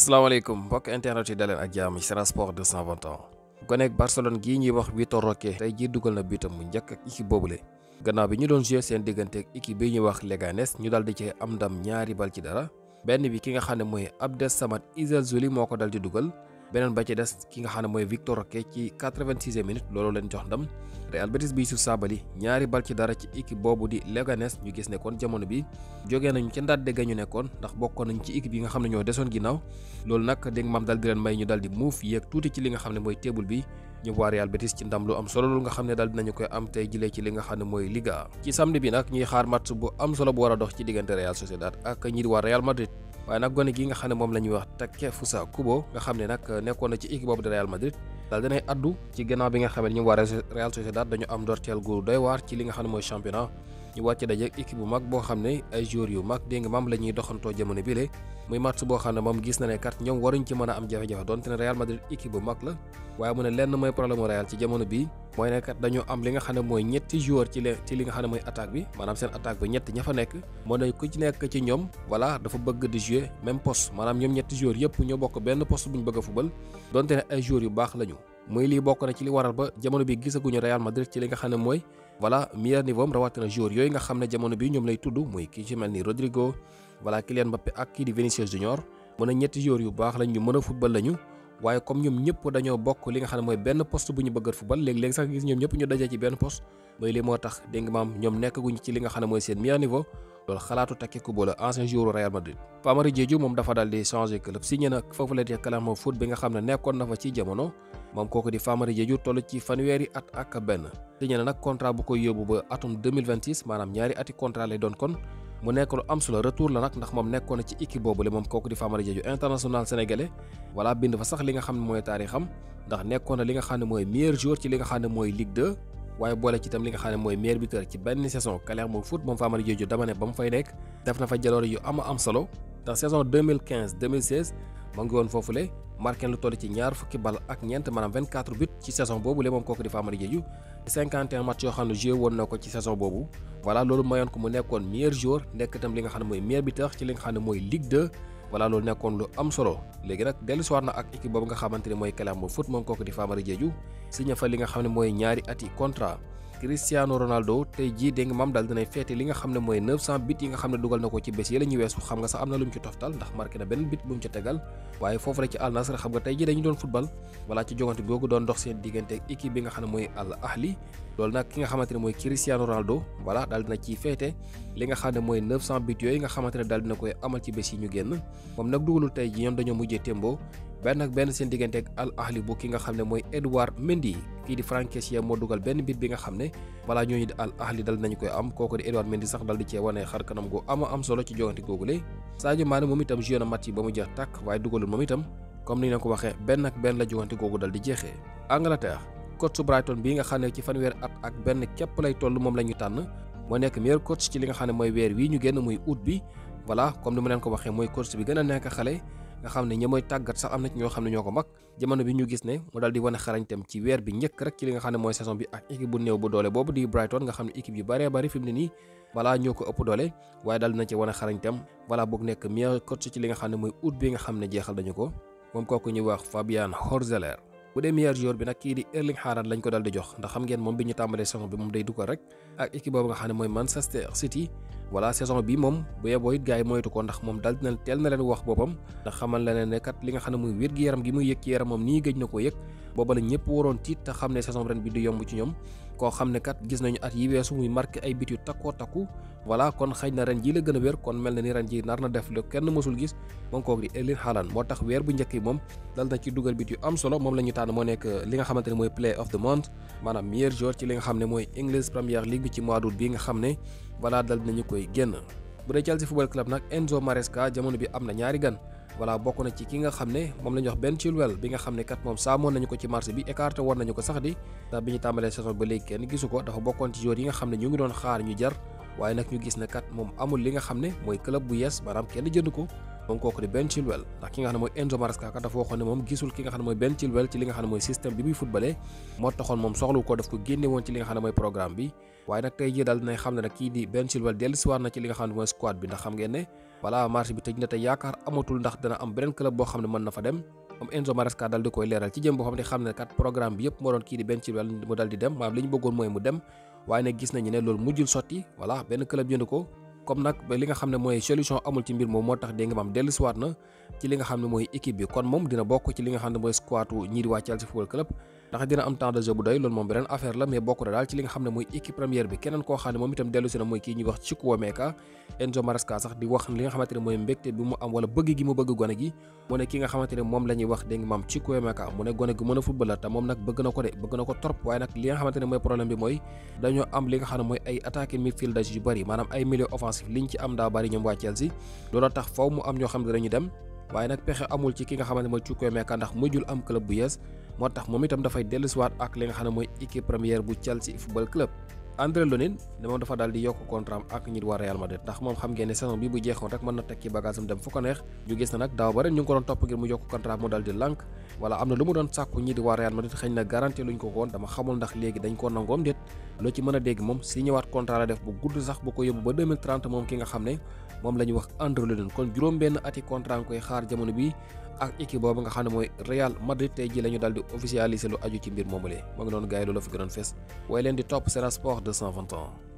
salaamaaleykum mbokk internet yi daleen ak jàmm ci Sen Sport 221 goneek Barcelone gii ñuy wax Vitor Roque tey jii dugal na bitam bu njëkk ak équipe boobule gannaaw bi ñu doon joué seen digganteeg équipe bi ñuy wax leganes ñu dal di ci am ndam ñaari bal ci dara benn bi ki nga xam ne mooy Abdes Samad Izelzouli moo ko dal di dugal beneen ba ci des ki nga xam ne mooy Victor Roque ci 86e minute loolu leen jox ndam Real Betis bi Youssouf Sabaly ñaari bal ci dara ci équipe boobu di Leganés ñu gis ne kon jamono bi jógee nañu ca ndàdde ga ñu nekkoon ndax bokkoon nañ ci équipe yi nga xam ne ñoo desoon ginnaaw loolu nag dégg maam dal di leen may ñu dal di muuf yéeg tuuti ci li nga xam ne mooy table bi ñu waa Real Betis ci ndam lu am solo loolu nga xam ne daal dinañu koy am tey jële ci li nga xam ne mooy Liga ci samedi bi nag ñuy xaar match bu solo bu war a dox ci diggante Real Sociedad ak ñi di waa waaye nag gone gi nga xam ne moom la ñuy wax Takefusa Kubo nga xam ne nag nekkoon na ci équipe boobu de Real Madrid daal dinay addu ci gannaaw bi nga xam ne ñu waa Real Sociedad dañu am ndorteel gu doy waar ci li nga xam ne mooy championnat ñu wàcce daje ak équipe bu mag boo xam ne ay joueurs yu mag dégg nga maam la ñuy doxantoo jamono bile muy match boo xam ne moom gis na ne kat ñoom waruñ ci mën a am jafe-jafe donte ne Real Madrid équipe bu mag la waaye mu ne lenn mooy problème Real ci jamono bii mooy ne kat dañoo am li nga xam ne mooy ñetti joueurs ci le ci li nga xam ne mooy attaque bi maanaam seen attaque bi ñetti ña fa nekk moo ne ku ci nekk ci ñoom voilà dafa bëgg di jouer même poste maanaam ñoom ñetti joueurs yëpp ñoo bokk benn poste bu ñu bëgg a fubal donte ne ay joueurs yu bokk li waral ba jamono bi gisaguñu Real Madrid ci li nga xam ne mooy voilà meilleur niveau am rawatina joueur yooyu nga xam ne jamono bi ñoom lay tudd muy kii ci mel ni Rodrigo voilà Kylian Mbappé ak kii di Vinicius Junior mën a ñetti joueur yu baax lañ mën a football lañu waaye comme ñoom ñëpp dañoo bokk li nga xam ne mooy benn poste bu ñu bëgg a football léegi-léegi sax gis ñoom ñëpp ñu dajee ci benn poste mooy li moo tax dégg nga maam ñoom nekkaguñ ci li nga xam ne mooy seen meilleur loolu xalaatu Takki Kubo la ancien joueur Real Madrid daal di changé club signé na nekkoon na fa ci moom kooku di Famara Diédhiou toll ci fanweeri at ak benn signé na nag contrat bu koy yóbbu ba atum 2026 maanaam ñaari ati contrat lay doon kon mu nekk lu am solo retour la nag ndax moom nekkoon na ci équipe boobule moom kooku di Famara Diédhiou international sénégalais wala bind fa sax li nga xam ne mooy taarixam ndax nekkoon na li nga xam ne mooy meilleur joueur ci li nga xam ne mooy Ligue 2 waaye boole ci itam li nga xam ne mooy meilleur buteur ci benn saison Clermont Foot moom Famara Diédhiou dama ne ba mu fay nekk def na yu ama am solo la saison 2015 2016 ma ngi woon foofule marqué lu toll ci ñaar fukki bal ak ñent manam 24 buts ci saison bobu le mom koku di Famara Diédhiou 51 match yoo xam ne joué woon na ci saison bobu voilà lolu mayon ko mu nekkon meilleur joueur nekk itam li nga xamne moy meilleur buteur ci li nga xamne moy Ligue 2 voilà lolu nekkon lu am solo léegi nag dellusiwaat na ak équipe bobu nga xamanteni moy mooy Clermont Foot mom koku di Famara Diédhiou signé fa li nga xamne moy ñaari ati contrat Cristiano Ronaldo tay ji deng Mam dal dinaay fété li nga xamné moy 900 bit yi nga xamné dugal na ci bés yi la ñu weesu xam nga sax amna luñ ci toftal ndax marqué na benn bit bu ci tegal waaye fofu rek ci Al Nassr xam nga tay ji dañu doon football wala ci jogante gogu doon dox seen digënté ak équipe bi nga xamné moy Al Ahli loolu nak ki nga xamante moy Cristiano Ronaldo wala daldina dina ci fété li nga xamné moy 900 bit yoy nga xamante dal dina koy amal ci bés yi ñu génn mom nak dugulul tay ji ñom dañu mujjé tembo benn ak benn seen al ahli bu ki nga xam ne mooy Edouard Mendy kii di Frankessia ya moo dugal benn bit bi nga xam ne balaa di al ahli dal nañ koy am kooku di Edouard Mendy sax dal di cee wane xar kanam gu ama am solo ci jogante googule Sadio Mané moom itam joué na match yi ba mu jeex tàkk waaye dugalul moom itam comme ni nga ko waxee benn ak benn la jogante googu dal di jeexee Angleterre coach su Brighton bi nga xam ne ci fanweer at ak benn képp lay toll moom la ñu tànn moo nekk meilleur coach ci li nga xam ne mooy weer wii ñu génn muy août bi voilà comme ni leen ko waxee mooy coach bi gën a nekk nga xam ne ñi mooy tàggat sax am na ci ñoo xam ne ñoo ko mag jamono bi ñu gis ne mu daal di wane xarañteem ci weer bi njëkk rek ci li nga xam ne mooy saison bi ak équipe bu néew bu doole boobu di Brighton nga xam ne équipe yu bëree bëri fi mu ne nii voilà ñoo ko ëpp doole waaye daal dina ci wane xarañteem voilà boog nekk meilleur coach ci li nga xam ne mooy ut bi nga xam ne jeexal dañu ko moom kooku ñuy wax Fabian Hürzeler bu dee meilleur joueur bi nag kii di Erling Haaland lañ ko dal di jox ndax xam ngeen moom bi ñu tàmbalee saison bi moom day dugal rek ak équipe boobu nga xam ne mooy Manchester City voilà saison bi moom bu yeboo it gars yi moytu ko ndax moom dal dina teel na leen wax boppam ndax xamal la ne kat li nga xam ne muy wér gi yaram gi muy yëg ci yaram moom nii gëj na koo yëg booba la ñëpp waroon tiit te xam ne saison ren bi du yomb ci ñoom koo xam ne kat gis nañu at yi weesu muy marqué ay bit yu takkoo takku voilà kon xëy na ren jii la gën a wér kon mel na ni ren ji nar na def lu kenn mësul gis moom kooku di Erling Haaland moo tax weer bu njëkk yi moom dal na ci dugal bit yu am solo moom la ñu tànn moo nekk li nga xamante ne mooy play of the month maanaam meilleur joueur ci li nga xam ne mooy English Premier League bi ci mois d'août bi nga xam ne voilà koy génn bu dee Chelsea football club jamono bi am na ñaari gan voilà bokk na ci ki nga xam ne moom la ñuy wax Ben Chilwell bi nga xam ne kat moom saamoon nañu ko ci marché bi écarté war nañu ko sax di ndax bi nga xam ne mooy club bu yees dafa waxoon ne moom gisul ki nga xam ne mooy Ben Chilwell ci li nga xam ne mooy système bi muy footballé moo moom soxlu ko daf ko génne ci li nga xam ne mooy programme bi waaye nag tey jii daal dinañ xam ne nag kii di Ben Chilwell dellusiwaat na ci li nga xam ne mooy voilà marché bi tëj na te yaakaar amatul ndax dana am beneen club boo xam ne mën na fa dem moom Enzo Maresca dal di koy leeral ci jëm boo xam ne xam ne kat programme bi yëpp moo doon kii di benn ci wàll mu dal di dem maanaam li bëggoon mooy mu dem waaye nag gis nañu ne loolu mujjul sotti voilà benn club jënd ko comme nag li nga xam ne mooy solution amul ci mbir moom moo tax dégg nga maam dellusiwaat na ci li nga xam ne mooy équipe bi kon moom dina bokk ci li ne mooy squatu ñii di ndax dina am temps de jeu bu doy loolu moom beneen affaire la mais bokk na daal ci li nga xam ne mooy équipe première bi keneen koo xam ne moom itam dellu na mooy kii ñuy wax Chukwuemeka Enzo Maresca sax di wax li nga xamante ne mooy mbégte bi mu am wala bëgg gi mu bëgg gone gi mu ne ki nga xamante ne moom la ñuy wax dégg nga maam Chukwuemeka mu ne gone gi mën a football la te moom nag bëgg na ko de bëgg na ko trop waaye nag li nga xamante ne mooy problème bi mooy dañoo am li nga xam ne mooy ay attaque midfield yu bëri am daa am ñoo dem waye nak pexé amul ci ki nga xamanté moy Chukwuemeka meeka ndax jul am club bu yees moo tax da fay dafay dellusiwaat ak li nga xam moy équipe première bu Chelsea football club André Lonin ne mom dafa daal di yokk contrat ak ñi wa Real Madrid ndax mom xam ngeen saison bi bu jeexoon rek mën na tekki bagaasam dem fuko neex ñu gis na nak daw ba rek ñu ko don top ngir mu yokk contrat mu daldi di wala amna lu mu don sakku ñi di Real Madrid xëy na garantie luñ ko won dama xamul ndax léegi dañ ko nangom déet lo ci mëna a dégg si ñëwaat contrat la def bu gudd sax bu ko yóbbu ba 2030 mom ki nga moom la ñu wax Andrew Lunin kon juróom-benn ati contrat nga koy xaar jamono bi ak équipe boobu nga xam ne mooy Real Madrid tey ji la ñu daal lu aju ci mbir moomulee moo ngi noonu gars yi loolu la fi gënoon fees waaye leen di topp Sen Sports 221